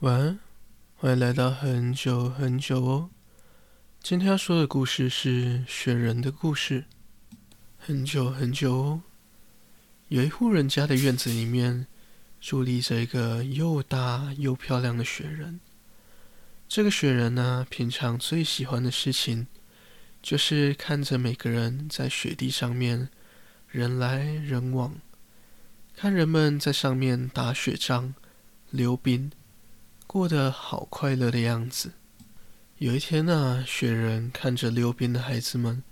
晚安，歡迎來到很久很久哦。今天要說的故事是雪人的故事。很久很久哦，有一戶人家的院子裡面佇立着一個又大又漂亮的雪人。這個雪人呢、啊，平常最喜歡的事情就是看着每個人在雪地上面人來人往，看人們在上面打雪仗、溜冰。過得好快樂的樣子。有一天啊，雪人看着溜冰的孩子們，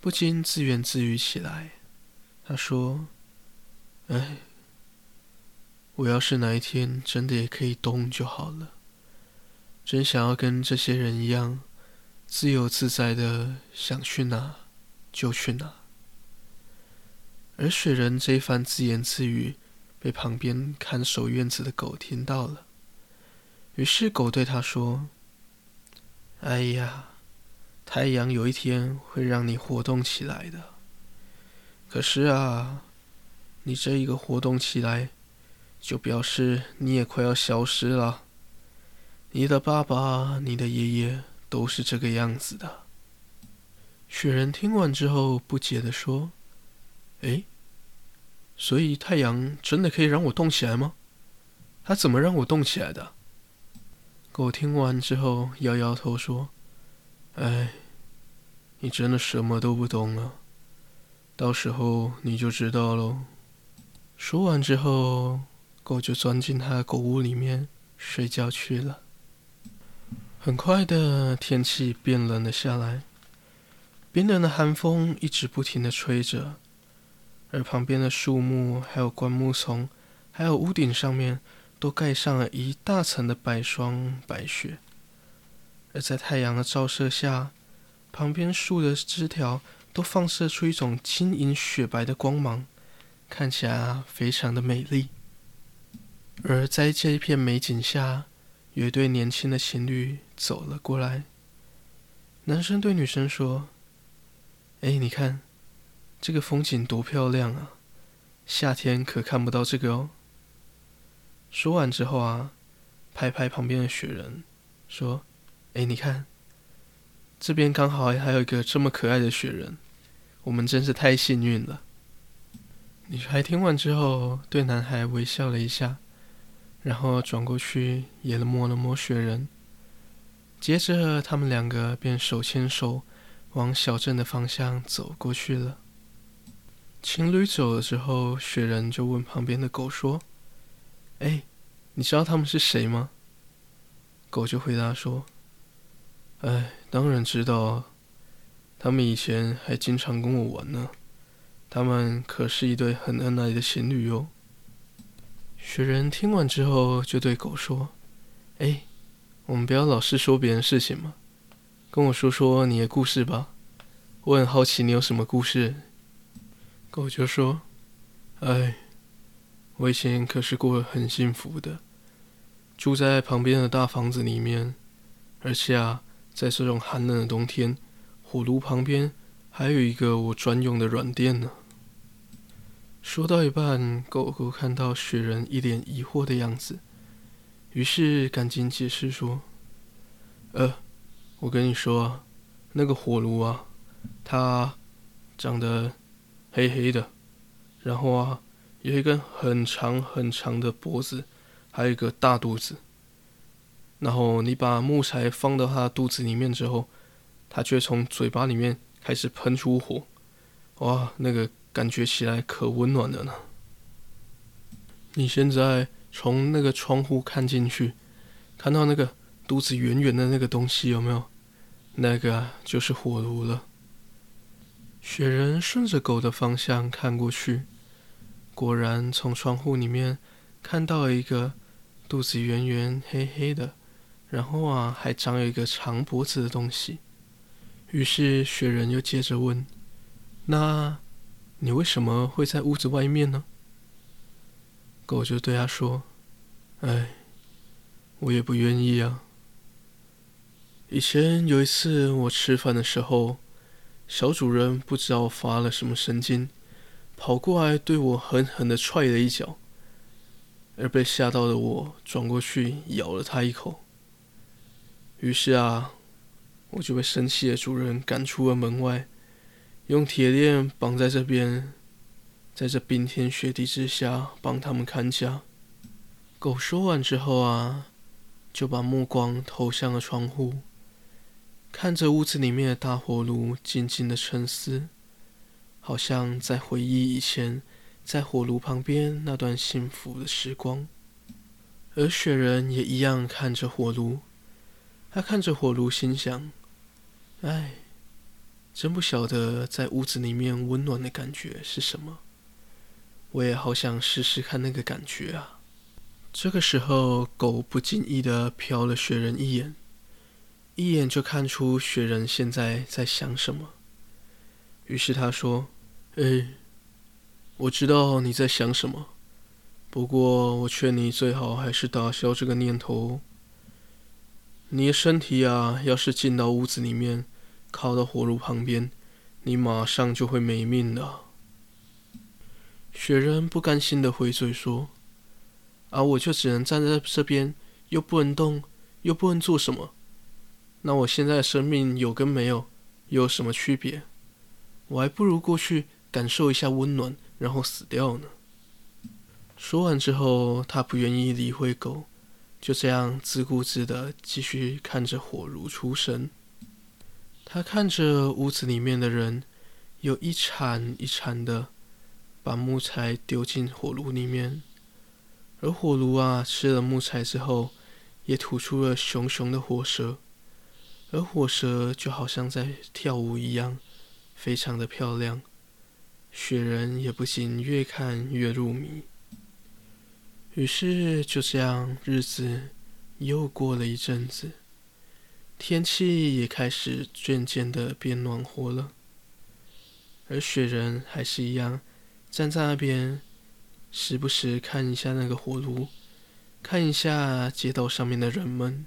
不禁自言自語起來。他說：“哎，我要是哪一天真的也可以動就好了，真想要跟這些人一樣，自由自在的想去哪就去哪。”而雪人這一番自言自語，被旁邊看守院子的狗聽到了。於是狗對他說：“哎呀，太陽有一天會讓你活動起來的。可是啊，你這一個活動起來，就表示你也快要消失了。你的爸爸、你的爺爺都是這個樣子的。”雪人聽完之後不解地說：“哎，所以太陽真的可以讓我動起來嗎？它怎麼讓我動起來的？”狗聽完之後搖搖頭說：“哎，你真的什麼都不懂了。到時候你就知道嘍。”說完之後，狗就鑽進他的狗屋裡面睡覺去了。很快的，天氣變冷了下來，冰冷的寒風一直不停的吹着，而旁邊的樹木、還有灌木叢、還有屋頂上面。都蓋上了一大層的白霜，白雪，而在太陽的照射下，旁邊樹的枝條都放射出一種晶瑩雪白的光芒，看起來非常的美麗。而在這一片美景下，有一對年輕的情侶走了過來，男生對女生說：“哎、欸，你看，這個風景多漂亮啊！夏天可看不到這個哦。”說完之後啊，拍拍旁邊的雪人，說：“哎，你看，這邊剛好還有一個這麼可愛的雪人，我們真是太幸運了。”女孩聽完之後，對男孩微笑了一下，然後轉過去也摸了摸雪人。接着，他們兩個便手牽手往小鎮的方向走過去了。情侶走了之後，雪人就問旁邊的狗說。哎，你知道他們是誰嗎？狗就回答說：“哎，當然知道啊，他們以前還經常跟我玩呢，他們可是一對很恩愛的情侶喲。”雪人聽完之後就對狗說：“哎，我們不要老是說別人的事情嘛，跟我說說你的故事吧，我很好奇你有什麼故事。”狗就說：“哎。”我以前可是過得很幸福的，住在旁邊的大房子裡面，而且啊，在這種寒冷的冬天，火爐旁邊還有一個我專用的軟墊呢。說到一半，狗狗看到雪人一臉疑惑的樣子，於是趕緊解釋說：“呃，我跟你說啊，那個火爐啊，它長得黑黑的，然後啊。”有一根很長很長的脖子，還有一個大肚子。然後你把木材放到它肚子裡面之後，它就會從嘴巴裡面開始噴出火，哇，那個感覺起來可溫暖了呢。你現在從那個窗戶看進去，看到那個肚子圓圓的那個東西有沒有？那個、啊、就是火爐了。雪人順着狗的方向看過去。果然，從窗戶裡面看到了一個肚子圓圓、黑黑的，然後啊，還長有一個長脖子的東西。於是雪人又接着問：“那，你為什麼會在屋子外面呢？”狗就對他說：“哎，我也不願意啊。以前有一次我吃飯的時候，小主人不知道我發了什麼神經。”跑過來對我狠狠的踹了一腳，而被嚇到的我轉過去咬了他一口。於是啊，我就被生氣的主人趕出了門外，用鐵鏈綁在這邊，在這冰天雪地之下幫他們看家。狗說完之後啊，就把目光投向了窗戶，看着屋子裡面的大火爐靜靜的，靜靜的沉思。好像在回憶以前在火爐旁邊那段幸福的時光，而雪人也一樣看着火爐，他看着火爐，心想：“哎，真不曉得在屋子裡面溫暖的感覺是什麼，我也好想試試看那個感覺啊。”這個時候，狗不經意的瞟了雪人一眼，一眼就看出雪人現在在想什麼。於是他說：“哎，我知道你在想什麼，不過我勸你最好還是打消這個念頭。你的身體啊，要是進到屋子裡面，靠到火爐旁邊，你馬上就會沒命的。雪人不甘心地回嘴說：“而我就只能站在這邊，又不能動，又不能做什麼，那我現在生命有跟沒有有什麼區別？”我還不如過去感受一下溫暖，然後死掉呢。說完之後，他不願意理會狗，就這樣自顧自的繼續看着火爐出神。他看着屋子裡面的人，又一鏟一鏟的把木材丟進火爐裡面，而火爐啊吃了木材之後，也吐出了熊熊的火舌，而火舌就好像在跳舞一樣。非常的漂亮，雪人也不禁越看越入迷。於是就這樣，日子又過了一陣子，天氣也開始漸漸的變暖和了。而雪人還是一樣，站在那邊，時不時看一下那個火爐，看一下街道上面的人們。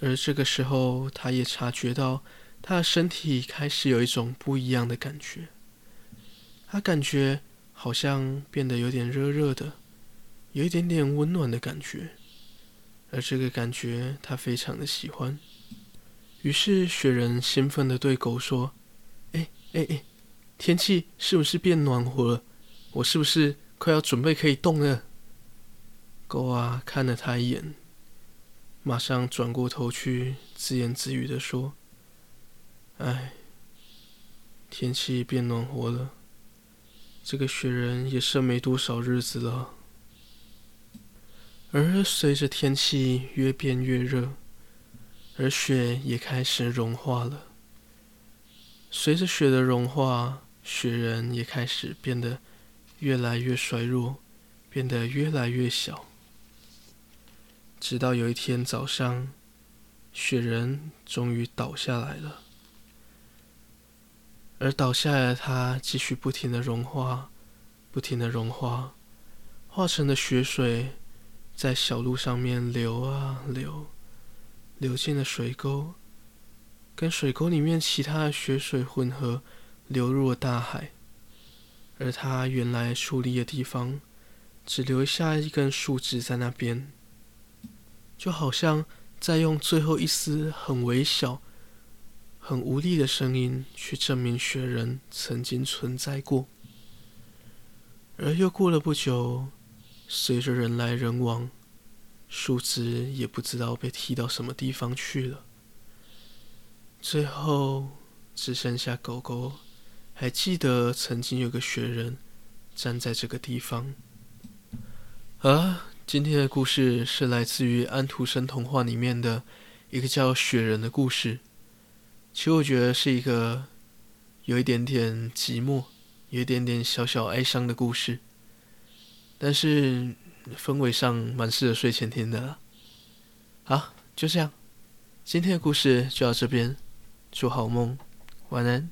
而這個時候，他也察覺到。他的身體開始有一種不一樣的感覺，他感覺好像變得有點熱熱的，有一點點溫暖的感覺，而這個感覺他非常的喜歡。於是雪人興奮地對狗說：“哎哎哎，天氣是不是變暖和了？我是不是快要準備可以動了？”狗啊，看了他一眼，馬上轉過頭去，自言自語的說。哎，天氣變暖和了，這個雪人也剩沒多少日子了。而隨着天氣越變越熱，而雪也開始融化了。隨着雪的融化，雪人也開始變得越來越衰弱，變得越來越小。直到有一天早上，雪人終於倒下來了。而倒下來的它，繼續不停地融化，不停地融化，化成的雪水在小路上面流啊流，流進了水溝，跟水溝裡面其他的雪水混合，流入了大海。而它原來矗立的地方，只留下一根樹枝在那邊，就好像在用最後一絲很微小。很無力的聲音，去證明雪人曾經存在過。而又過了不久，隨着人來人往，樹枝也不知道被踢到什麼地方去了。最後，只剩下狗狗還記得曾經有個雪人站在這個地方。啊，今天的故事是來自於安徒生童話裡面的一個叫雪人的故事。其實我覺得是一個有一點點寂寞，有一點點小小哀傷的故事，但是氛圍上蠻適合睡前聽的。好，就這樣，今天的故事就到這邊，祝好夢，晚安。